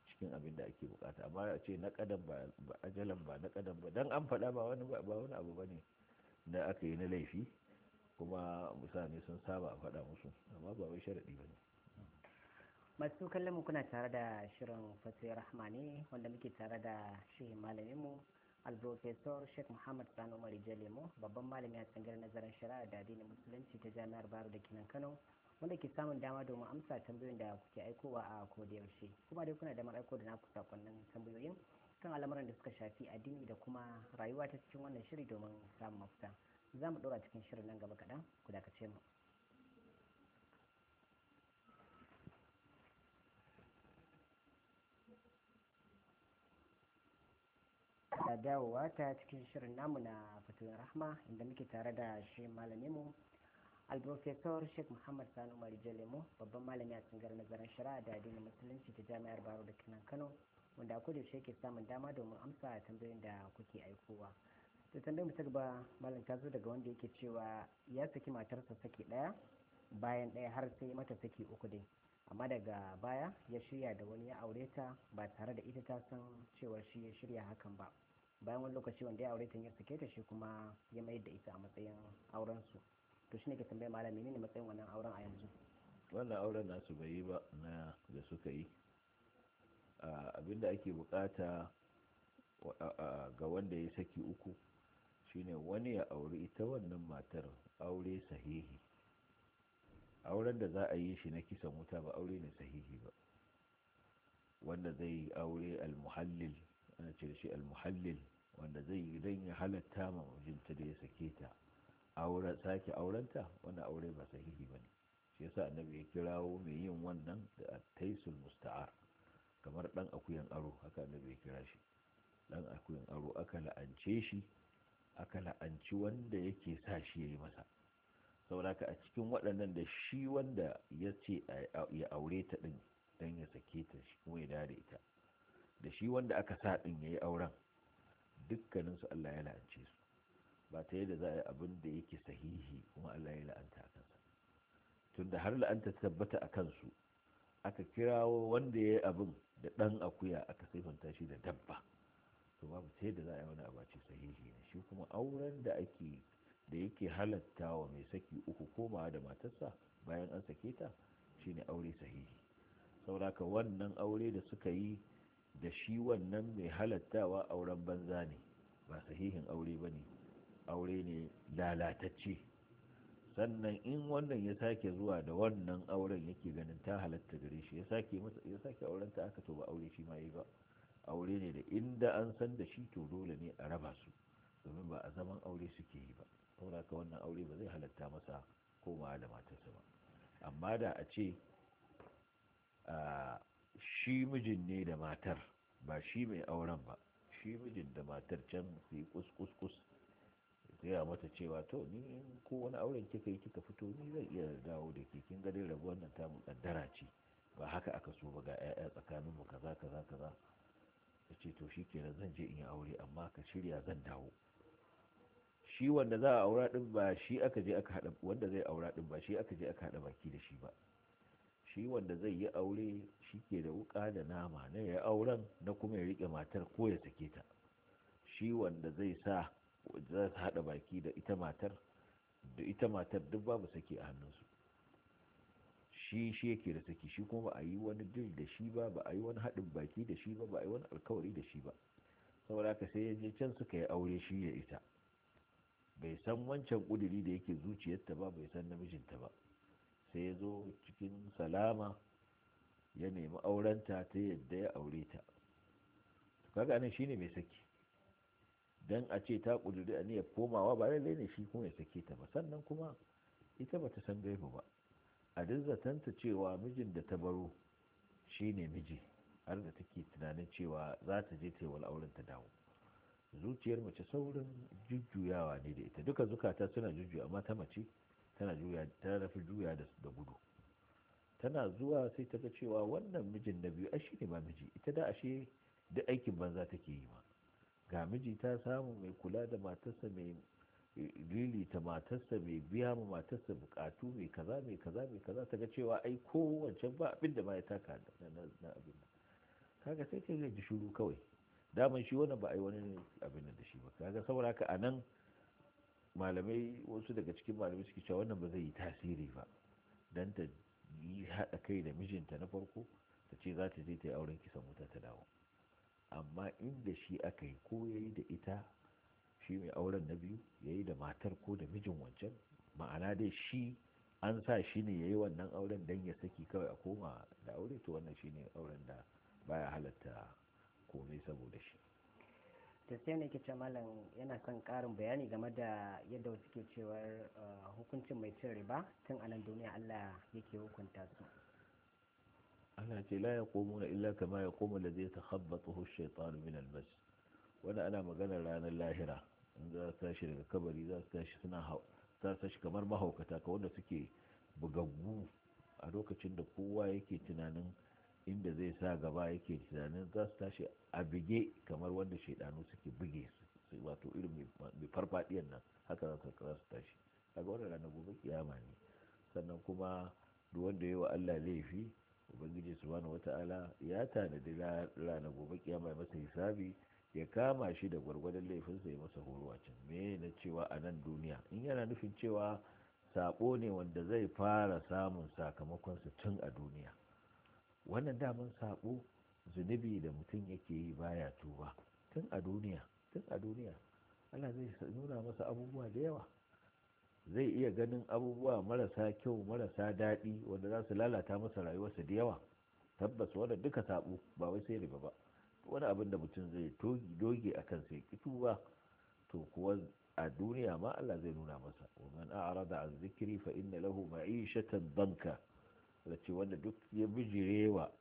cikin abin da ake bukata amma a ce na kadan ba ajalan ba na kadan ba dan an faɗa ba wani abu ba ne abu da aka yi na laifi kuma mutane sun saba a faɗa musu amma ba wai sharaɗi ba ne masu kallon mu kuna tare da shirin fatiyar rahmani wanda muke tare da shi malaminmu alprofesor sheikh muhammad sani umar jalemo babban malami a tsangar nazarin shari'a da addinin musulunci ta jami'ar baro da kinan kano wanda ke samun dama domin amsa tambayoyin da kuke aikowa a kodayaushe kuma dai kuna damar aiko da naku sakonnin tambayoyin kan al'amuran da suka shafi addini da kuma rayuwa ta cikin wannan shiri domin samun mafita za mu ɗora cikin shirin nan gaba kaɗan ku dakace mu da dawowa ta cikin shirin namu na fatuwar rahma inda muke tare da shi malaminmu alprofesor sheikh muhammad sanu umar jalemu babban malami a tsangar nazarin shari'a da addinin musulunci ta jami'ar baro da kinan kano wanda a kudu ke samun dama domin amsa tambayoyin da kuke aikowa sai tambayar ta gaba malam ta daga wanda yake cewa ya saki matarsa saki daya bayan daya har sai mata saki uku dai amma daga baya ya shirya da wani ya aure ta ba tare da ita ta san cewa shi ya shirya hakan ba bayan wani lokaci wanda ya aure ta ya sake ta shi kuma ya mayar da ita a matsayin auren su to shine ke tambaya malam menene matsayin wannan auren a yanzu wannan auren nasu bai yi ba na da suka yi ah, abinda ake bukata ah, ah, ga wanda ya saki uku shine wani ya auri ita wannan matar aure sahihi auren da za a yi shi na kisan wuta ba aure ne sahihi ba wanda zai yi aure almuhallil ana cire shi almuhallil wanda zai yi don ya halatta ma mijinta da ya sake ta auren sake aurenta wannan aure ba sahihi ba ne shi yasa annabi ya kirawo mai yin wannan da taisul musta'ar kamar dan akuyan aro haka annabi ya kira shi dan akuyan aro aka la'ance shi aka la'anci wanda yake sa shi ya yi masa saboda ka a cikin waɗannan da shi wanda ya ce ya aure ta ɗin don ya sake ta shi kuma ya dare ta da shi wanda aka sa ɗin ya yi auren dukkaninsu Allah ya la'ance su ba ta yadda za a yi abin da yake sahihi kuma Allah ya la'anta a kansa tunda har la'anta tabbata a kansu aka kirawo wanda ya yi abin da ɗan akuya aka sifanta shi da dabba to babu sai da za a yi wani abaci sahihi ne shi kuma auren da ake da yake halatta wa mai saki uku komawa da matarsa bayan an sake ta shine aure sahihi sauraka wannan aure da suka yi da shi wannan mai halattawa auren banza ne ba sahihin aure ba ne aure ne lalatacce sannan in wannan ya sake zuwa da wannan auren yake ganin ta halatta gare shi ya sake aurenta aka to ba aure shi ma yi ba aure ne da inda an san da shi to dole ne a raba su domin ba a zaman aure suke yi ba saboda ka wannan aure ba zai halatta masa komawa da matarsa ba amma da a ce shi mijin ne da matar ba shi mai auren ba shi mijin da matar can su yi kus-kus gaya mata cewa to ni ko wani auren kika yi kika fito ni zai iya dawo da ke kin gadin rabuwan rabuwar nan ta mu kaddara ce ba haka aka so ba ga 'ya'ya tsakanin mu kaza kaza kaza ya ce to shi kenan zan je in yi aure amma ka shirya zan dawo shi wanda za a aura din ba shi aka je aka hada wanda zai aura din ba shi aka je aka hada baki da shi ba shi wanda zai yi aure shi ke da wuƙa da nama na ya auren na kuma ya rike matar ko ya sake ta shi wanda zai sa za haɗa baki da ita matar da ita matar duk babu sake a hannunsu shi shi yake da saki shi kuma ba a yi wani dil da shi ba ba a yi wani haɗin baki da shi ba ba a yi wani alkawari da shi ba saboda haka sai ya je can suka yi aure shi ya ita bai san wancan ƙuduri da yake zuciyarta ba bai san namijinta ba sai ya zo cikin salama ya nemi aurenta ta yadda ya aure ta kaga shi shine mai saki dan a ce ta a aniyar komawa ba lallai ne shi kuma ya sake ta ba sannan kuma ita ba ta san gaibu ba a duk ta cewa mijin da ta baro shi ne miji har da take tunanin cewa za ta je ta yi auren ta dawo zuciyar mace saurin jujjuyawa ne da ita duka zukata suna jujjuya amma ta mace tana juya ta rafi juya da gudu tana zuwa sai ta ga cewa wannan mijin na biyu ashe ne ba miji ita da ashe da aikin banza take yi ma ga miji ta samu mai kula da matarsa mai lilita matarsa mai biya ma matarsa bukatu mai kaza mai kaza mai kaza ta ga cewa ai ko wancan ba abin da ba ya taka na abin kaga sai ka ji shuru kawai daman shi wannan ba a yi wani abin da shi ba kaga saboda haka a nan malamai wasu daga cikin malamai suke cewa wannan ba zai yi tasiri ba dan ta yi haɗa kai da mijinta na farko ta ce za ta je ta yi auren kisan wuta ta dawo amma inda shi aka yi ko ya yi da ita shi mai auren na biyu ya yi da matar ko da mijin wancan ma'ana dai shi an sa shi ne ya yi wannan auren don ya saki kawai a koma da aure to wannan shi ne auren da baya halatta komai saboda shi da sai ne ke malam yana kan karin bayani game da yadda wasu ke cewar eh, hukuncin mai cin riba tun a nan duniya allah yake hukunta su ana ce la ya komo na illa kama ya komo da zai ta habba tsohon tsaro min almas wani ana maganar ranar lahira in za su tashi daga kabari za su tashi suna za su tashi kamar mahaukata ka wanda suke bugaggu a lokacin da kowa yake tunanin inda zai sa gaba yake tunanin za su tashi a bige kamar wanda shaidanu suke buge wato irin mai farfadiyan nan haka za su tashi ga wannan na gobe kiyama ne sannan kuma duk wanda yawa Allah laifi ubangiji wata wata'ala ya tanadi ranar gobe kiyama masa hisabi ya kama shi da gwargwadon laifinsa ya masa horo a can me na cewa a nan duniya in yana nufin cewa sabo ne wanda zai fara samun sakamakonsa tun a duniya wannan daman sabo zunubi da mutum yake yi baya tuba tun a duniya tun a duniya ana zai nuna masa abubuwa da yawa zai iya ganin abubuwa marasa kyau marasa daɗi wanda za su lalata masa rayuwarsa da yawa tabbas wanda duka sabo ba wai sai riba ba wani abin da mutum zai doge a kan sai tuba to kuwa a duniya ma Allah zai nuna masa wa man a'rada an zikri fa inna lahu ma'ishatan banka lace wanda duk ya bijirewa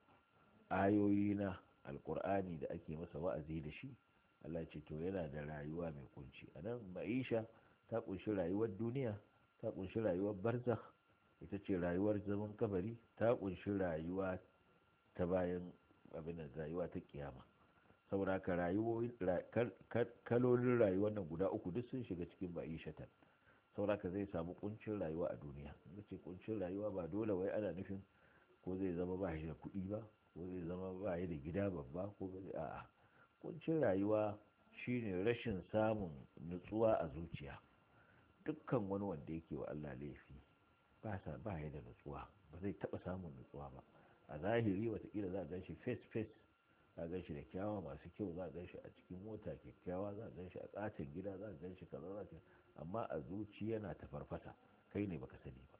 ayoyi na alqur'ani da ake masa wa'azi da shi Allah ce to yana da rayuwa mai kunci anan ma'isha ta kunshi rayuwar duniya ta kunshi rayuwar barzakh ita ce rayuwar zaman kabari ta kunshi rayuwa ta bayan abin rayuwa ta kiyama saboda haka kalolin rayuwar nan guda uku duk sun shiga cikin ma'ishatan saboda haka zai samu kuncin rayuwa a duniya in ce kuncin rayuwa ba dole wai ana nufin ko zai zama ba shi da kuɗi ba ko zai zama ba shi da gida babba ko ba zai a'a kuncin rayuwa shine rashin samun nutsuwa a zuciya dukkan wani wanda yake wa Allah laifi ba sa ba da nutsuwa ba zai taɓa samun nutsuwa ba a zahiri watakila za a gan shi face face za a gan da kyawa masu kyau za a gan a cikin mota kyakkyawa za a gan a katin gida za a gan shi kaza za amma a zuci yana tafarfasa kai ne baka sani ba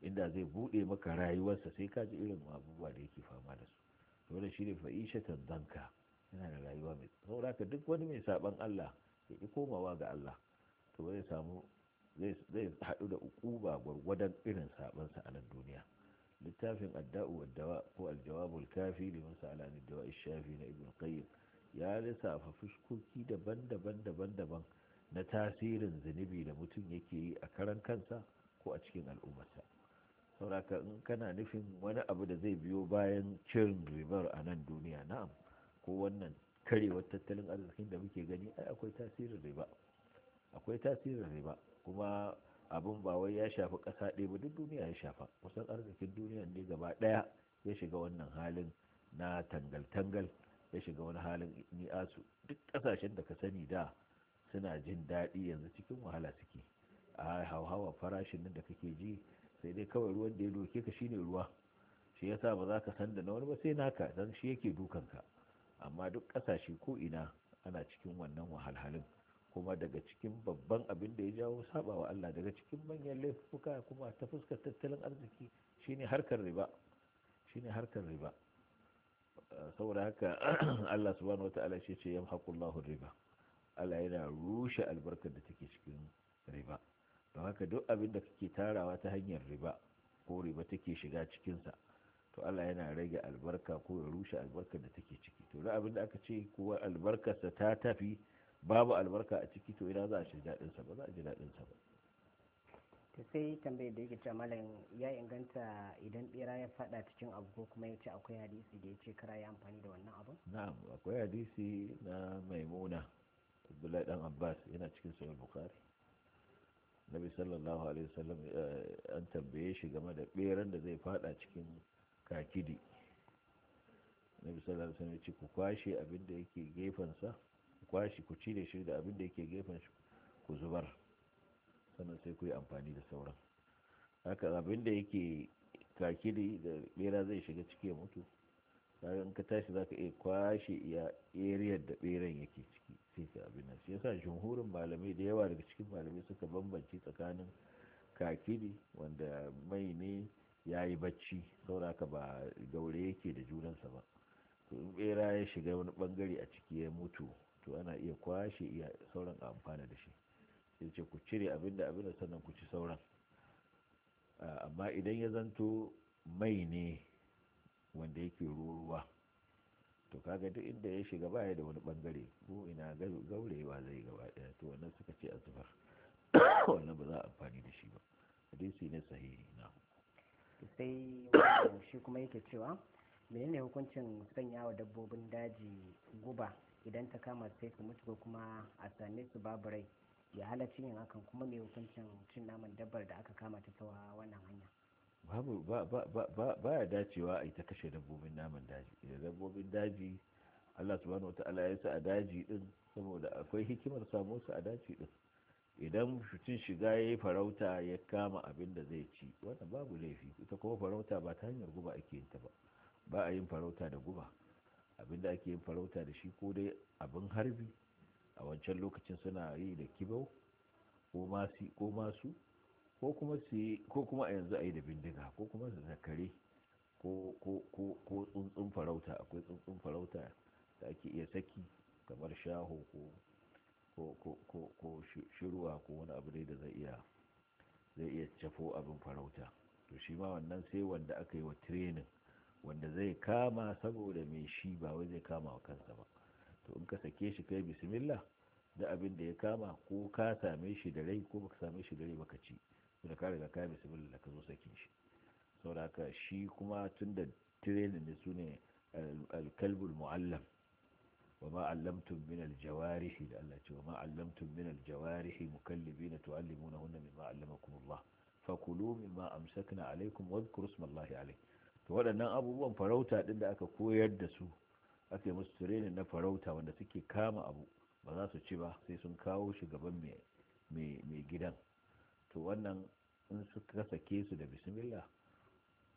inda zai buɗe maka rayuwarsa sai ka ji irin abubuwa da yake fama da su dole shi ne fa'ishatan zanka yana da rayuwa mai saboda ka duk wani mai saban Allah ya ki komawa ga Allah to zai samu zai haɗu da ukuba gwargwadon irin sabansa a nan duniya littafin adda'u wa dawa ko aljawabul kafi liman sa'ala an dawa shafi na ibn qayyim ya lissafa fuskoki daban-daban daban-daban na tasirin zunubi da mutum yake yi a karan kansa ko a cikin al'ummarsa sauraka in kana nufin wani abu da zai biyo bayan cin ribar a nan duniya na'am ko wannan karewar tattalin arzikin da muke gani ai akwai tasirin riba akwai tasirin riba kuma abin ba wai ya shafi ƙasa ɗaya ba duk duniya ya shafa kusan arzikin duniya ne gaba ɗaya ya shiga wannan halin na tangal-tangal ya shiga wani halin ni asu duk ƙasashen da ka sani da suna jin daɗi yanzu cikin wahala suke a hauhawa farashin nan da kake ji sai dai kawai ruwan da ya doke ka shine ruwa shi ya sa ba za ka san da na wani ba sai naka don shi yake dukanka amma duk ƙasashe ko ina ana cikin wannan wahalhalin kuma daga cikin babban abin da ya jawo saba wa Allah daga cikin manyan laifuka kuma ta fuskar tattalin arziki shine harkar riba shine harkar riba saboda haka Allah subhanahu wata'ala shi ce yamhaqullahu riba Allah yana rushe albarkar da take cikin riba don haka duk abin da kake tarawa ta hanyar riba ko riba take shiga cikinsa to Allah yana rage albarka ko ya rushe albarkar da take ciki to duk abin da aka ce kuwa albarkarsa ta tafi babu albarka a ciki to ina za a ci daɗin sa ba za a ji daɗin sa ba to sai tambayar da yake cewa malam ya inganta idan bera ya fada cikin abu ko kuma ya ce akwai hadisi da ya ce kara ya amfani da wannan abu na'am akwai hadisi na maimuna abdullahi dan abbas yana cikin sahih bukhari nabi sallallahu alaihi wasallam eh, an tambaye shi game da beran da zai fada cikin kakidi nabi sallallahu alaihi wasallam ya ce ku kwashe abin da yake gefansa kwashi ku cire shi da abin da yake gefen shi ku zubar sannan sai ku yi amfani da sauran haka abin da yake kakiri da bera zai shiga ciki ya mutu in ka tashi zaka iya kwashe iya eriyar da beran yake ciki sai ka abin nan shi yasa jumhurin malamai da yawa daga cikin malamai suka bambance tsakanin kakiri wanda mai ne ya yi bacci haka ba gaure yake da junansa ba to in bera ya shiga wani bangare a ciki ya mutu to ana iya kwashe iya sauran a amfana da shi sai ce ku cire abin da abin da sannan ku ci sauran amma idan ya zanto mai ne wanda yake ruwa to kaga duk inda ya shiga baya da wani bangare ko ina gaurewa zai gaba daya to wannan suka ce a wannan ba za a amfani da shi ba hadisi ne sahihi na sai shi kuma yake cewa menene hukuncin sanyawa dabbobin daji guba idan ta kama sai su mutu ko kuma a same su babu rai ya halaccin yin hakan kuma mai hukuncin cin naman dabbar da aka kama ta tawa wannan hanya babu ba ya dacewa a yi ta kashe dabbobin naman daji idan eh, dabbobin daji Allah subhanahu wa ta'ala ya sa a daji din saboda akwai hikimar samu su a daji din idan mutum shiga ya yi farauta ya kama abin da zai ci wannan babu laifi ita kuma farauta ba ta hanyar guba ake yin ta ba ba a yin farauta da guba abinda ake yin farauta da shi ko dai abin harbi a wancan lokacin suna yi da kibau ko masu ko kuma a yanzu a yi da bindiga ko kuma da kare ko tsuntsun farauta akwai tsuntsun farauta da ake iya saki kamar shaho ko shirwa ko wani abu dai da zai iya zai iya cafo abin farauta to shi ma wannan sai wanda aka yi wa training wanda zai kama saboda mai shi ba wai zai kama wa kansa ba to in ka sake shi kai bismillah da abin da ya kama ko ka same shi da rai ko baka same shi da rai baka ci da ka riga ka bismillah ka zo sakin shi saboda haka shi kuma tun da tirenin da alkalbul mu'allam wa ma allamtum min aljawarihi da Allah ce wa ma allamtum min aljawarihi mukallibina tu'allimunahunna mimma allamakum fakulu mimma amsakna alaikum wadhkuru isma Allah alayhi to waɗannan abubuwan farauta ɗin da aka koyar da su aka yi musu training na farauta wanda suke kama abu ba za su ci ba sai sun kawo shi gaban mai gidan to wannan in suka sake su da bismillah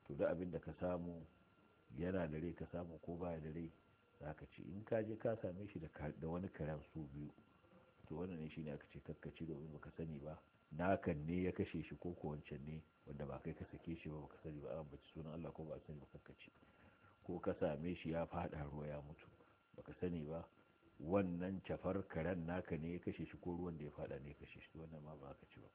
to da abin da ka samu yana da rai ka samu ko baya da rai za ka ci in ka je ka same shi da wani karen su biyu to wannan ne shine aka ce kakkaci domin baka sani ba nakan ne ya kashe shi ko ko wancan ne wanda ba kai ka sake shi ba baka sani ba an baci sunan Allah ko ba sani ba ci ko ka same shi ya fada ruwa ya mutu baka sani ba wannan cafar karen naka ne ya kashe shi ko ruwan da ya fada ne ya kashe shi wannan ma ba ka ci ba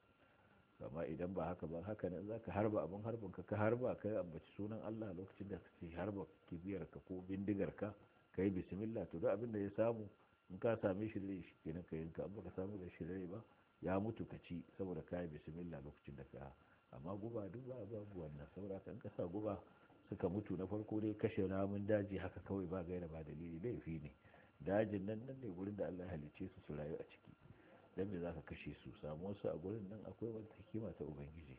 amma idan ba haka ba haka nan zaka harba abin harbin ka ka harba kai ambaci sunan Allah lokacin da kake harba kibiyar ka ko bindigar ka kai bismillah to duk abin da ya samu in ka same shi zai shi kenan ka yanka an baka samu da shi ba ya mutu ka ci saboda kayi yi bismillah lokacin da ka amma guba duk babu wannan saboda kan kasa guba suka mutu na farko dai kashe namun daji haka kawai ba gaira ba dalili laifi ne dajin nan nan ne gurin da Allah ya halicce su su rayu a ciki dan me zaka kashe su samu su a gurin nan akwai wata hikima ta ubangiji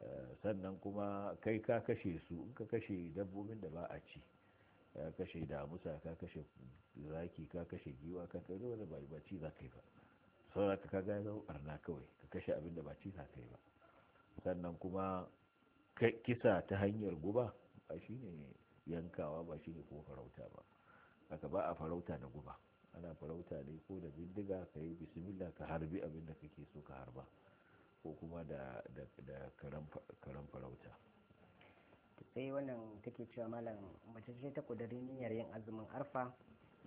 eh, sannan kuma kai ka kashe su in ka kashe dabbobin da ba a ci ka kashe damusa ka kashe zaki ka kashe giwa ka kai wanda ba ci za ka yi ba saboda ka kaga ya zama barna kawai ka kashe abin da ba ka kai ba sannan kuma kisa ta hanyar guba ba shine yankawa ba shine ko farauta ba haka ba a farauta da guba ana farauta ne ko da bindiga ka yi bismillah ka harbi abin da kake so ka harba ko kuma da karen farauta sai eh, wannan take cewa malam mace ce ta kudurin niyyar yin azumin arfa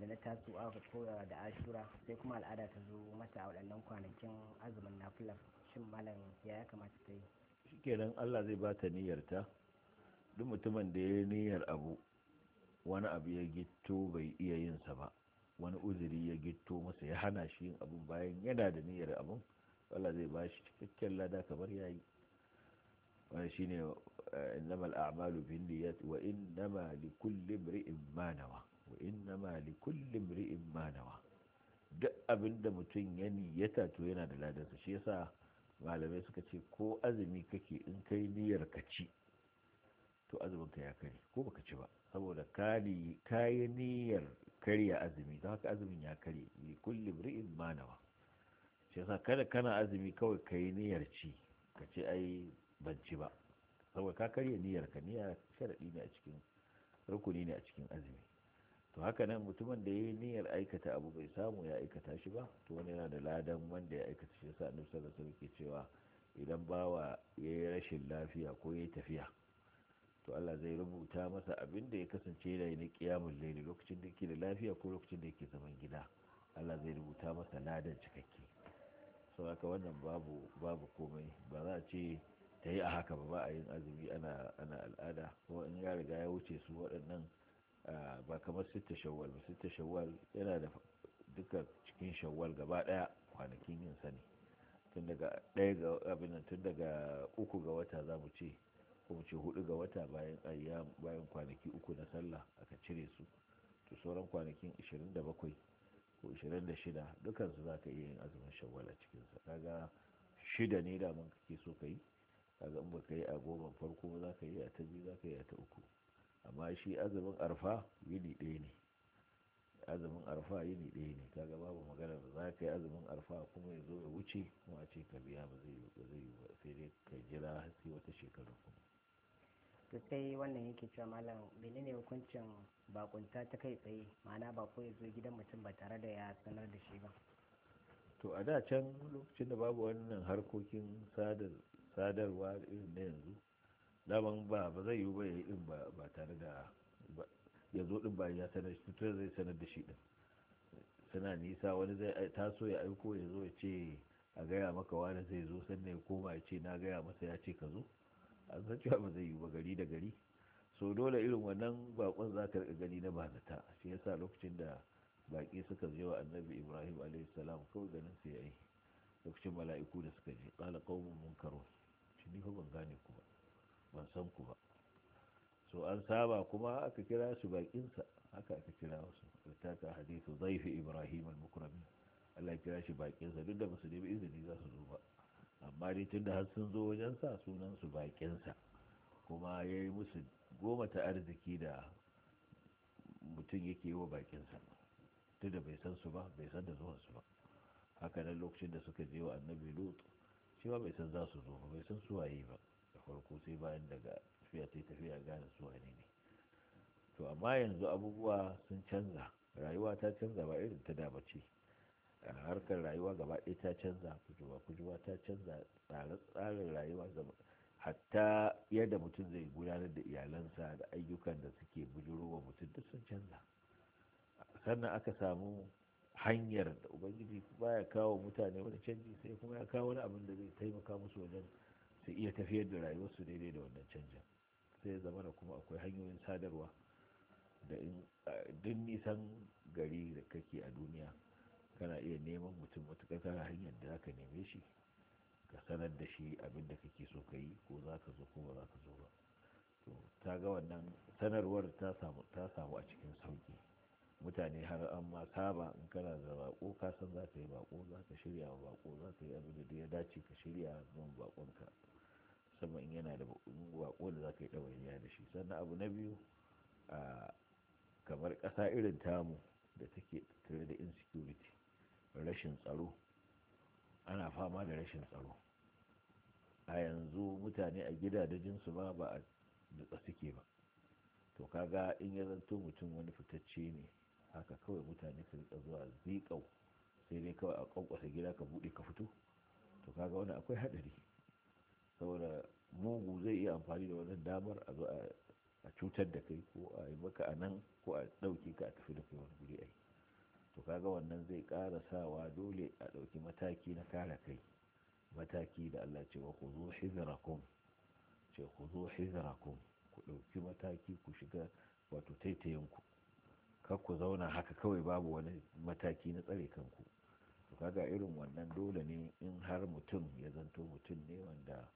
da na taso aka koya da ashura sai kuma al'ada ta zo mata a waɗannan kwanakin azumin nafilar shin malam ya ya kamata ta yi shikenan Allah zai bata niyyarta duk mutumin da ya yi niyyar abu wani abu ya gito bai iya yin sa ba wani uzuri ya gito masa ya hana shi yin abun bayan yana da niyyar abu Allah zai ba shi cikakken lada kamar yayi wani shine al'amalu eh, a'malu binniyat wa innama likulli imri'in ma wa inna ma li kulli imri'in ma nawa duk abinda mutum ya niyyata to yana da sa shi yasa malamai suka ce ko azumi kake in kai niyyar ka ci to azumin ka ya kare ko baka ci ba saboda kali kai niyyar karya azumi don haka azumin ya kare li kulli imri'in ma nawa shi yasa kada kana azumi kawai kai niyyar ci ka ce ai ban ci ba saboda ka karya niyyar ka niyya sharadi ne a cikin rukuni ne a cikin azumi to haka nan mutumin da ya yi niyyar aikata abu bai samu ya aikata shi ba to wani yana da ladan wanda ya aikata shi yasa annabi sallallahu alaihi wasallam cewa idan bawa ya yi rashin lafiya ko ya yi tafiya to Allah zai rubuta masa abin da ya kasance da na kiyamul laili lokacin da yake da lafiya ko lokacin da yake zaman gida Allah zai rubuta masa ladan cikakke sau haka wannan babu babu komai ba za a ce ta yi a haka ba ba a yin azumi ana al'ada ko in ya riga ya wuce su waɗannan Eh, ba kamar sitta shawwal ba sitta shawwal yana da duka cikin shawwal gaba daya kwanakin yin sani tun daga ɗaya ga abin tun daga uku ga wata za mu ce ko mu ce hudu ga wata bayan ayyam bayan kwanaki uku na sallah aka cire su to sauran kwanakin 27 ko 26 dukan su ka iya yin azumin shawwal a cikin sa kaga shida ne da mun kake so kai kaga in ba yi a goma farko za ka yi a ta biyu za ka yi a ta uku amma shi azumin arfa yini ɗaya ne azumin arfa yini ɗaya ne kaga babu magana da za ka yi azumin arfa kuma ya zo ya wuce kuma a ce ka biya ba zai ba zai ba sai dai ka jira sai wata shekara kuma to sai wannan yake cewa malam menene hukuncin bakunta ta kai tsaye ma'ana ko ya zo gidan mutum ba tare da ya sanar da shi ba to a da can lokacin da babu wannan harkokin sadarwa irin na yanzu daman ba ba zai yiwu ba ya yi din ba tare da ya zo din ba ya sanar shi zai sanar da shi din suna nisa wani zai taso ya aiko ya zo ya ce a gaya maka wani zai zo sannan ya koma ya ce na gaya masa ya ce ka zo an san cewa ba zai yiwu ba gari da gari so dole irin wannan bakon za ka riƙa gani na bazata shi sa lokacin da baƙi suka je wa annabi ibrahim alaihi salam kawai ganin su ya yi lokacin mala'iku da suka je ƙala qaumun munkarun shi ni ban gane ba? ban san ku ba so an saba kuma aka kira su bakinsa haka aka kira wasu littafin hadisu zaifi ibrahim al-mukrami Allah kira shi bakinsa duk da ba su nemi izini za su zo ba amma dai tun da har sun zo wajen sa sunan su bakinsa kuma ya yi musu goma ta arziki da mutum yake yi wa bakinsa tun da bai san su ba bai san da zuwan su ba haka nan lokacin da suka je wa annabi lut shi ma bai san za su zo ba bai san su waye ba farko sai bayan daga tafiya ta tafiya gane su wane ne to amma yanzu abubuwa sun canza rayuwa ta canza ba irin ta dama ce harkar rayuwa gaba ɗaya ta canza kujuba ta canza tsarin rayuwa gaba hatta yadda mutum zai gudanar da iyalansa da ayyukan da suke bujurowa mutum duk sun canza sannan aka samu hanyar da ubangiji baya kawo mutane wani canji sai kuma ya kawo wani abin da zai taimaka musu wajen su iya tafiyar da rayuwarsu daidai da wannan canjin sai zama da kuma akwai hanyoyin sadarwa da in duk nisan gari da kake a duniya kana iya neman mutum matuƙar kana hanyar da zaka neme shi ka sanar da shi abin da kake so ka yi ko za ka zo ko ba za ka zo ba to ta ga wannan sanarwar ta samu a cikin sauki mutane har an ma saba in kana da bako ka san za ka yi bako za ka shirya wa bako za ka yi abin da ya dace ka shirya zan bakonka musamman yana da bako da za ka yi ɗawainiya da shi sannan abu na biyu kamar ƙasa irin tamu da take tare da insecurity rashin tsaro ana fama da rashin tsaro a yanzu mutane a gida da ma ba a dutsa suke ba to kaga in ya zanto mutum wani fitacce ne haka kawai mutane su rika zuwa zikau sai dai kawai a kwankwasa gida ka buɗe ka fito to kaga wani akwai haɗari saboda mugu zai iya amfani da wannan damar a zo a cutar da kai ko a yi maka a nan ko a ɗauke ka a tafi da kai wani guri ai to kaga wannan zai ƙara sawa dole a ɗauki mataki na kare kai mataki da Allah ce wa ku zo hizrakum ce ku zo hizrakum ku ɗauki mataki ku shiga wato taitayenku kar ku zauna haka kawai babu wani mataki na tsare kanku to kaga irin wannan dole ne in har mutum ya zanto mutum ne wanda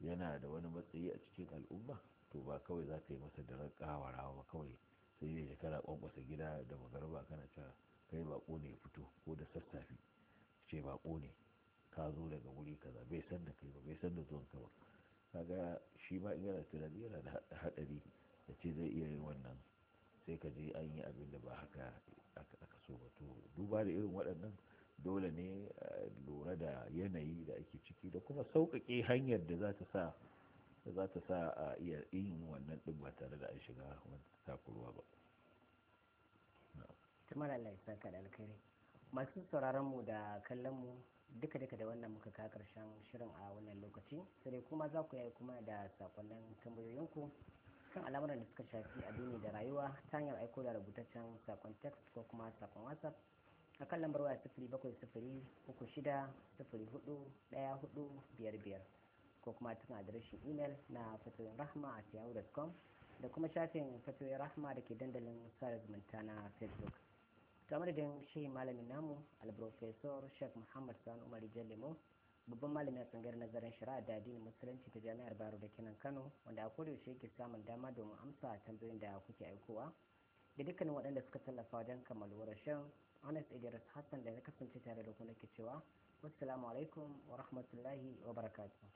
yana da wani matsayi a cikin al'umma to ba kawai za ka yi masa da rawa ba kawai sai dai kana kwankwasa gida da magarba kana cewa kai bako ne ya fito ko da sassafe ce bako ne ka zo daga wuri kaza bai san da kai ba bai san da zuwan ka ba kaga shi ma in yana tunani yana da hadari da ce zai iya yin wannan sai ka je an yi abin da ba haka aka so ba to duba da irin waɗannan dole ne eh, lura da yanayi da ake ciki da kuma sauƙaƙe hanyar da za ta sa za ta sa a iya yin wannan ɗin ba tare da an shiga wani takurwa ba. Tumar Allah ya saka da alkhairi. Masu sauraron mu da kallon mu duka duka da wannan muka ka karshen shirin a wannan lokaci sai kuma za ku yi kuma da sakonnin tambayoyinku kan al'amuran da suka shafi addini da rayuwa ta hanyar aiko da rubutaccen sakon text ko kuma sakon whatsapp akan kan lambar waya sifiri bakwai sifili uku shida sifiri hudu daya hudu biyar biyar ko kuma cikin adireshin imel na fatoyin rahama a yahoo.com da kuma shafin fatoyin rahama da ke dandalin sada zumunta na facebook ta madadin shirin malamin namu alprofesor shek muhammad sani umar lemo babban malamin a tsangar nazarin shari'a da addinin musulunci ta jami'ar baro da kenan kano wanda a kodayaushe yake samun dama domin amsa tambayoyin da kuke aikowa da dukkanin waɗanda suka tallafa wajen kammaluwar shan Anas Idris Hassan da ya kasance tare da ku nake cewa wassalamu alaikum wa rahmatullahi wa barakatuh